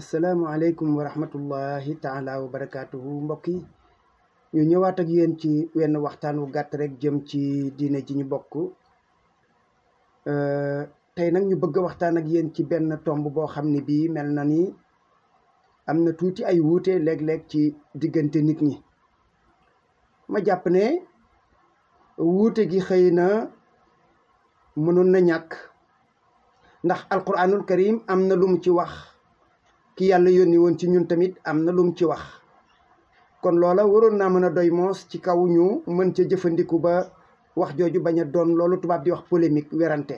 asalaamualeykum wa rahmatullahi taala wa barakaatuhu mbokk yi ñu ñëwaat ak yéen ci wenn waxtaan wu gàtt rek jëm ci diine ji ñu bokk euh, tey nag ñu bëgg a waxtaan ak yéen ci benn tomb boo xam ne bii mel na ni am na tuuti ay wuute léeg-léeg ci diggante nit ñi ma jàpp ne wuute gi xëy na mënoon na ñàkk ndax alquranul karim am na lu mu ci wax ki yàlla yónni woon ci ñun tamit am na lu mu ci wax kon loola waroon naa mën a doy moos ci kaw ñu mën ca jëfandiku ba wax jooju bañ doon loolu tubaab di wax polémique werante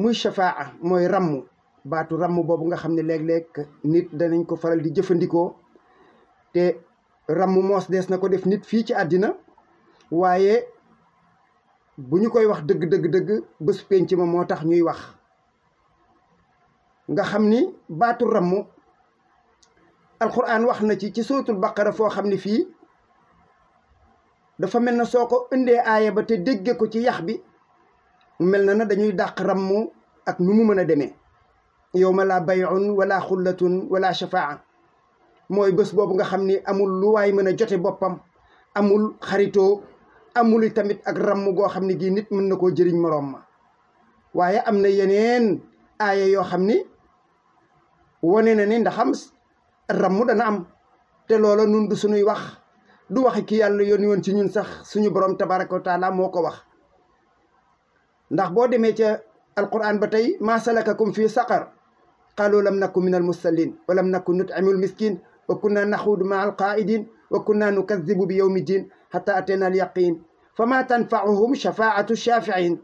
muy shafaa mooy ràmm baatu ràmm boobu nga xam ne léeg-léeg nit danañ ko faral di jëfandikoo te ràmm moos dees na ko def nit fii ci àddina waaye bu ñu koy wax dëgg dëgg dëgg bés penc ma moo tax ñuy wax nga xam ni baatu ramu ramm alquran wax na ci ci suuratul baqara foo xam ni fii dafa mel na soo ko indee aaya ba te dégge ko ci yax bi mel na na dañuy daq ramm ak nu mu mën a demee yawma laa bay'un wala xullatun wala shafaa mooy bés boobu nga xam ni amul lu waay mën a jote boppam amul xaritoo amul tamit ak ramm goo xam ne gii nit mën na koo jëriñ moroom ma waaye am na yeneen aaya yoo xam ni wane na ni ndaxam rammu dana am te loola nun du suñuy wax du waxi ki yàlla yónni woon ci ñun sax suñu borom tabaraka wa taala moo ko wax ndax boo demee ca alquran ba tey maa salakakum fii saqar qaalu lam naku min almusallin wa lam naku nutimul miskin wa kunna naxuudu maa alqaaidin wa kunna nukadibu bi yawmi din xata atena alyaqin fa ma tanfaauhum shafaatu shaafiin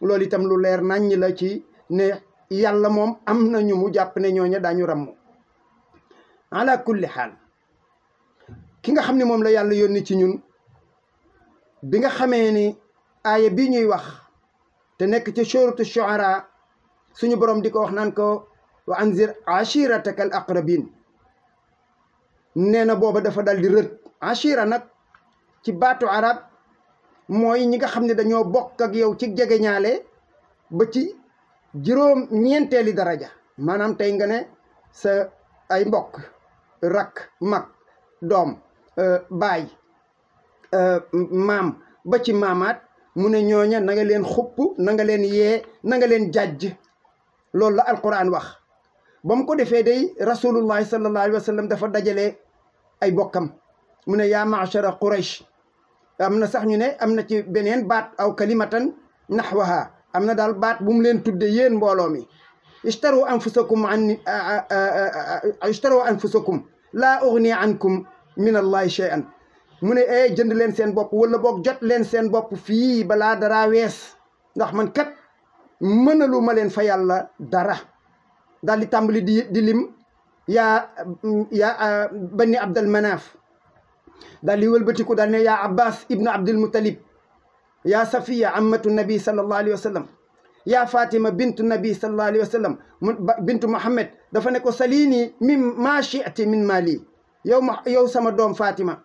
loolu itam lu leer naññ la ci ne yàlla moom am na ñu mu jàpp ne ñooña daañu ràmm ala kulli xaal ki nga xam ne moom la yàlla yónni ci ñun bi nga xamee ni aaya bi ñuy wax te nekk ci suratu shuara suñu borom di ko wax naan ko wa anzir achirataka al aqrabin nee na booba dafa dal di rët achira nag ci baatu arab mooy ñi nga xam ne dañoo bokk ak yow ci jege ñaale ba ci juróom ñeenteeli daraja maanaam tey nga ne sa ay mbokk rakk mag doom euh, baay euh, maam ba ci maamaat mu ne ñooña na nga leen xupp na nga leen yee na nga leen jàjj loolu la alquran wax ba mu ko defee day rasulullahi sallallahu alayhi wa dafa dajale ay mbokkam mu ne yaa maachara quraysh am na sax ñu ne am na ci beneen baat aw kalimatan nahwaha am na daal baat bu mu leen tudde yéen mbooloo mi ishtaru anfusakum an ishtaru anfusakum laa ugni ankum min allahi shay'an mu ne e jënd leen seen bopp wala boog jot leen seen bopp fii balaa daraa wees ndax man kat mënalu ma leen fa yàlla dara daal di tàmbali di di lim yaa yaa bani abdal manaaf daal di wëlbatiku daal ne yaa abbas ibnu abdul mutalib yaa safiya ammatu nabi sallallahu alayhi wa sallam yaa fatima bintu nabi sallallahu alayhi wa sallam bintu muhammad dafa ne ko salini min ma shi'ti min mali yow ma yow sama doom fatima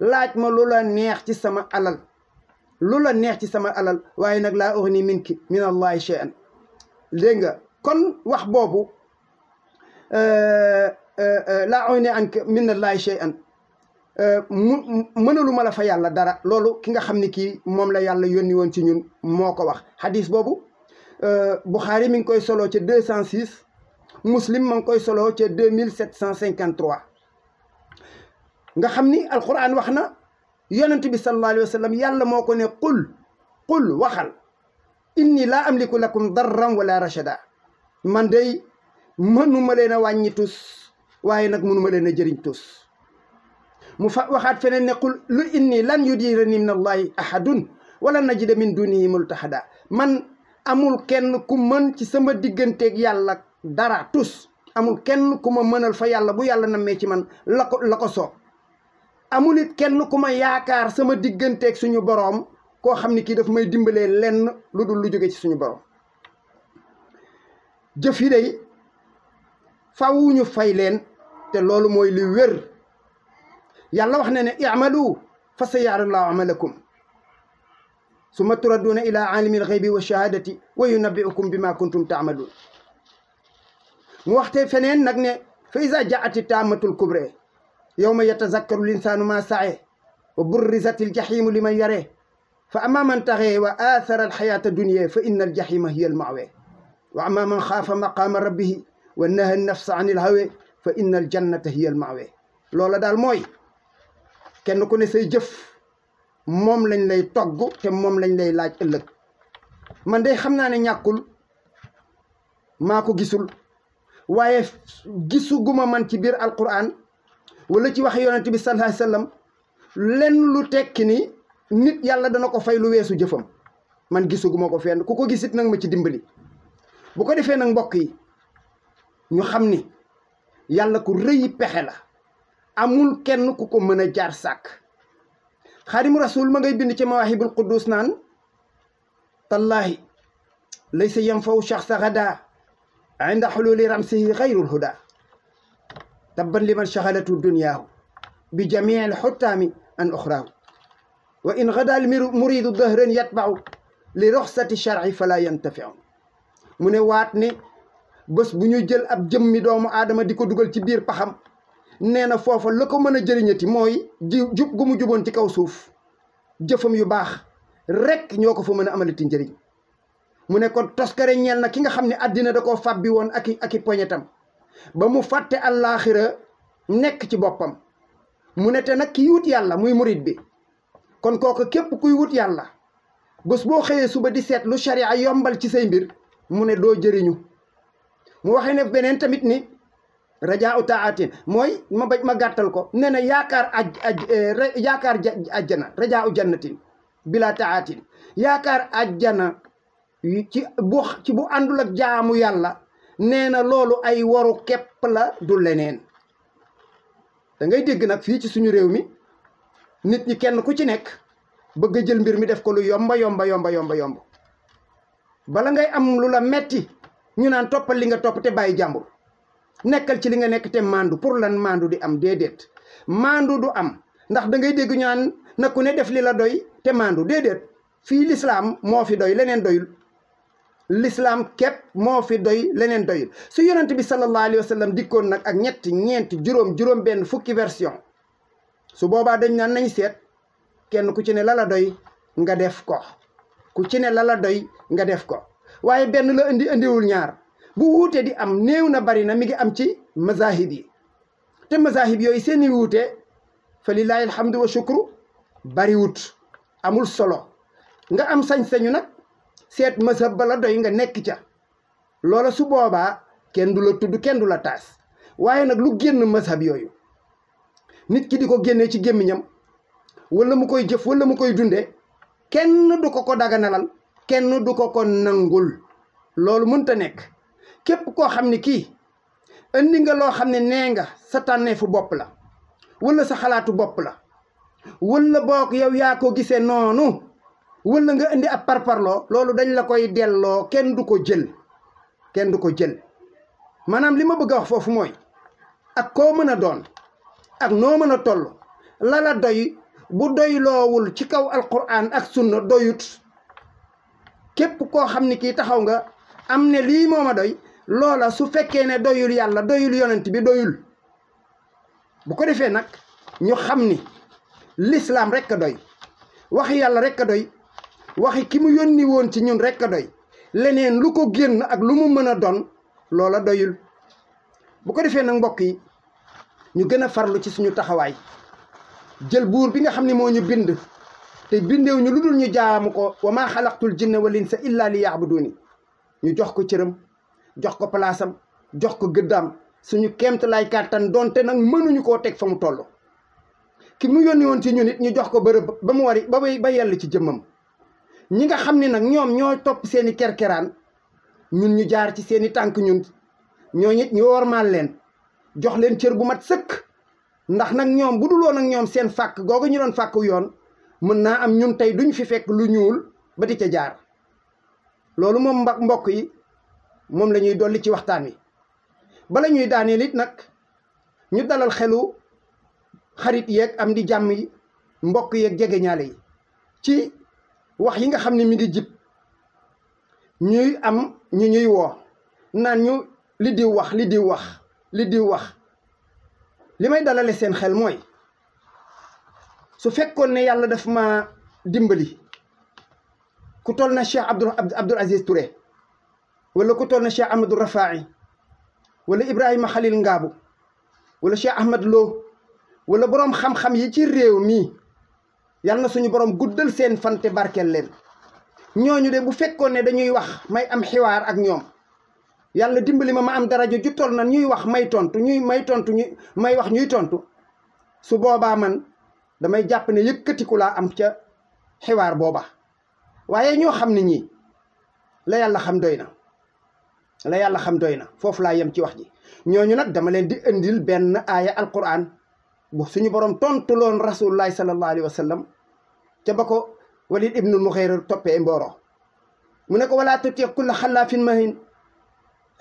laaj ma lu la neex ci sama alal lu la neex ci sama alal waaye nag laa ughni minki min allahi shay'an dégg nga kon wax boobu euh, euh, euh, laa ughni anka min allahi shay'an Euh, mu mënalu ma la fa yàlla dara loolu ki nga xam ni kii moom la yàlla yónni woon ci ñun moo ko wax xadis boobu euh, Buxaari mi ngi koy soloo ca deux cent six muslim ma ngi koy soloo ca mille sept cent cinquante nga xam ni alquran wax na yonent bi sallallahu alayhi wa sallam yàlla moo ko ne qul qul waxal ni laa am ku lakum darran wala rachada man day mënuma leen a wàññi tus waaye nag mënuma leen a jëriñ tus mu fa waxaat feneen nekkul qul lu inni lan yudirani min allahi ahadun wala najida min dunihi multahada man amul kenn ku mën ci sama digganteeg yàlla dara tus amul kenn ku ma mënal fa yàlla bu yàlla nammee ci man la ko la amul it kenn ku ma yaakaar sama digganteeg suñu boroom koo xam ni kii daf may dimbalee lenn lu dul lu jóge ci suñu boroom jëf yi day fawuñu fay leen te loolu mooy li wér yàlla wax na ne i'malu fa sayaara llaahu amalakum summa turadduuna ilaa aalimi alxaybi wa shahaadati wa yunabbiukum bima kuntum taamaluun mu waxte feneen nag ne fa iza jaati taamatul kubre yowma yatazakkaru linsaanu ma sae wa burrizat aljahimu liman yare fa amma man taxe wa athara alxayaata dunia fa inna aljahima hiya almawe wa amma man xaafa maqaama rabbihi wa naha nafsa an ilhawe fa inna aljannata hiya almawe loola daal mooy kenn ku ne say jëf moom lañ lay togg te moom lañ lay laaj ëllëg man day xam naa ne ñàkkul maa ko gisul waaye gisu man ci biir alquran walla ci wax yonent bi sallallahu alayhi wasallam lenn lu tekki ni nit yàlla dana ko fay lu weesu jëfam man gisuguma ko fenn ku ko gisit nag ma ci dimbali bu ko defee nag mbokk yi ñu xam ni yàlla ku rëy pexe la amul kenn ku ko mën a jaar sàkk xaadimu rasul ma ngay bind ci mawaahibul quddus naan tallaahi laysa yanfaw shaxsa gada inda xululi ramsihi xayrul huda tabban liman shaxalatu dunyaahu bi jamiil xuttaami an uxraahu wa in gada muridu dahran yatbacu li roxsati sharci fala yantafiu mu ne waat ne bés bu ñu jël ab jëmmi doomu aadama di ko dugal ci biir paxam nee na foofa la ko mën a jëriñati mooy ji jub gu mu juboon ci kaw suuf jëfam yu baax rekk ñoo ko fa mën a amalati njëriñ mu ne kon toskare ñeel na ki nga xam ne àddina da koo fàbbi woon ak i ak poñetam ba mu fàtte àllaaxira nekk ci boppam mu ne te nag kiy wut yàlla muy murit bi kon kooku képp kuy wut yàlla bés boo xëyee suba di seet lu sharia yombal ci say mbir mu ne doo jëriñu mu waxee ne beneen tamit ni rajaa u taatin mooy ma bañ ma gàttal ko nee na yaakaar aj aj eh, yaakaar ajjana rajaa u jannatin bila taatin yaakaar ajjana ci bu ci bu àndul ak jaamu yàlla nee na loolu ay waru képp la du leneen da ngay dégg nag fii ci suñu réew mi nit ñi kenn ku ci nekk bëgg a jël mbir mi def ko lu yomba yomba yomba yomba yomb bala ngay am lu la metti ñu naan toppal li nga topp te bàyyi jàmbur nekkal ci li nga nekk te mandu pour lan mandu di am déedéet mandu du am ndax da ngay dégg ñu ku ne def li la doy te mandu déedéet fii lislaam moo fi doy leneen doyul lislaam képp moo fi doy leneen doyul su yonent bi sallallahu alayhi wa sallam dikkoon nag ak ñett ñeenti juróom juróom benn fukki version su boobaa dañ naan nañ seet kenn ku ci ne la la doy nga def ko ku ci ne la la doy nga def ko waaye benn la indi indiwul ñaar bu wuute di am néew na bari na mi ngi am ci mazahib yi te mazahib yooyu seeni wuute fa lillahi alhamdu wa shukru bariwut amul solo nga am sañ-sañu nag seet mazhab bala la doy nga nekk ca loola su boobaa kenn du la tudd kenn du la taas waaye nag lu génn mazhab yooyu nit ki di ko génnee ci gémmiñam wala mu koy jëf wala mu koy dundee kenn du ko ko daganalal kenn du ko ko nangul loolu mënta nekk képp koo xam ne kii indi nga loo xam ne nee nga sa tànneefu bopp la wala sa xalaatu bopp la wala boog yow yaa ko gisee noonu wëlla nga indi ab parparloo loolu dañ la koy delloo kenn du ko jël kenn du ko jël maanaam li ma bëgg a wax foofu mooy ak koo mën a doon ak noo mën a toll lala doy bu doyloowul ci kaw alquran ak sunna doyut képp koo xam ne kii taxaw nga am ne lii moo ma doy loola su fekkee ne doyul yàlla doyul yonent bi doyul bu ko defee nag ñu xam ni lislaam rekk a doy waxi yàlla rekk a doy waxi ki mu yónni woon ci ñun rekk a doy leneen lu ko génn ak lu mu mën a doon loola doyul bu ko defee nag mbokk yi ñu gën a farlu ci suñu taxawaay jël buur bi nga xam ne moo ñu bind te bindeew ñu lu dul ñu jaamu ko wa maa xalaqtul jinna wal insa illa li yaabuduuni ñu jox ko cëram jox ko palaasam jox ko gëddaam suñu kéemtalaay kàttan donte nag mënuñu koo teg fa mu toll ki mu yónni woon ci ñun it ñu jox ko bërëb ba mu wari ba bay ba yell ci jëmmam ñi nga xam ni nag ñoom ñoo topp seeni kerkeraan ñun ñu jaar ci seeni tànk ñun ñoo it ñu wormaal leen jox leen cër bu mat sëkk ndax nag ñoom bu dul woon ak ñoom seen fàkk googu ñu doon fàkk yoon mën naa am ñun tey duñu fi fekk lu ñuul ba di ca jaar loolu moom mbak mbokk yi moom lañuy ñuy dolli ci waxtaan wi bala ñuy daaneel it nag ñu dalal xelu xarit yeeg am di jàmm mbokk yeek jege ñaale yi ci wax yi nga xam ne mi ngi jib ñuy am ñu ñuy woo naan ñu li diw wax li diw wax li diw wax li may dalale seen xel mooy su fekkoon ne yàlla def ma dimbali ku toll na Cheikh Abdou Abdou Aziz Touré wala ku toll na Cheikh Amadou Rafahi wala Ibrahima Khalil Ngaabu wala Cheikh Ahmad Lo wala boroom xam-xam yi ci réew mi yal na suñu borom guddal seen fante te barkeel leen ñooñu de bu fekkoon ne dañuy wax may am xiwaar ak ñoom yàlla dimbali ma ma am daraja ju toll na ñuy wax may tontu ñuy may ñu may wax ñuy tontu su boobaa man damay jàpp ne yëkkatiku laa am ca xiwaar booba waaye ñoo xam ne ñii la yàlla xam doy na. la yàlla xam doy na foofu laa yem ci wax ji ñooñu nag dama leen di indil benn aaya alquran bu suñu borom tontu loon rasulullahi sallallahu alayhi wa sallam ca ba ko walid ibnul muxayra toppee mbooroo mu ne ko walaa tuti kulla xalaafin mahin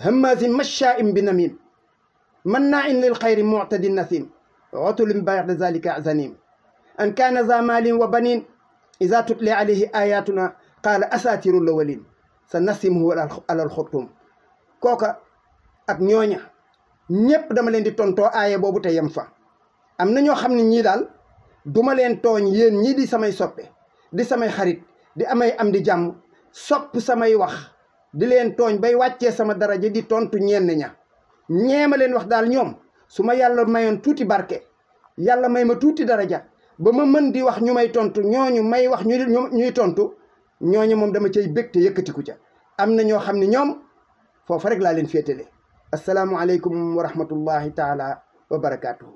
hammazin mashaaim bi namim mannaain lil xayri muctadin nasim utulin ba'da zalika azanim an kaana za maalin wa banin ida tutli alayhi ayatuna qaala asaatiru lawalin sa nasimuhu ala alxurtum kooka ak ñooña ñëpp dama leen di tontoo aaye boobu te yem fa am na ñoo xam ne ñii daal duma leen tooñ yéen ñii di samay soppe di samay xarit di amay am di jàmm sopp samay wax di leen tooñ bay wàccee sama daraja di tontu ñenn ña ñeema leen wax daal ñoom su ma yàlla mayoon tuuti barke yàlla may ma tuuti daraja ba ma mën di wax ñu may tontu ñooñu may wax ñu ñuy tontu ñooñu moom dama cay bég te yëkkatiku ca am na ñoo xam ne ñoom foofa rek laa leen féetale asalaamualeykum wa rahmatullahi taala wa barakaatu.